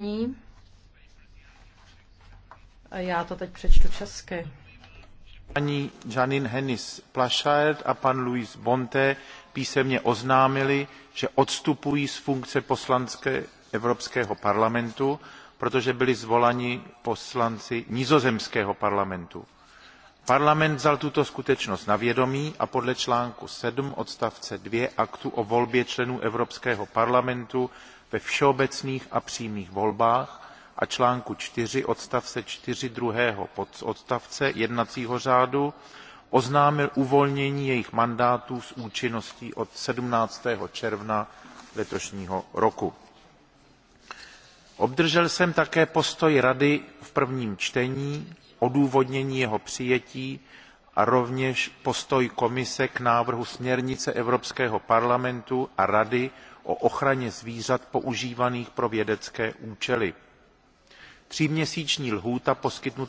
Ní. Já to teď přečtu česky. Paní Janin Hennis Plašard a pan Luis Bonte písemně oznámili, že odstupují z funkce poslanské Evropského parlamentu, protože byli zvolani poslanci nizozemského parlamentu Parlament vzal tuto skutečnost na vědomí a podle článku 7 odstavce 2 aktu o volbě členů Evropského parlamentu ve všeobecných a přímých volbách a článku 4 odstavce 4 druhého pododstavce jednacího řádu oznámil uvolnění jejich mandátů s účinností od 17. června letošního roku. Obdržel jsem také postoj Rady v prvním čtení odůvodnění jeho přijetí a rovněž postoj komise k návrhu směrnice evropského parlamentu a rady o ochraně zvířat používaných pro vědecké účely. tříměsíční lhůta poskytnutá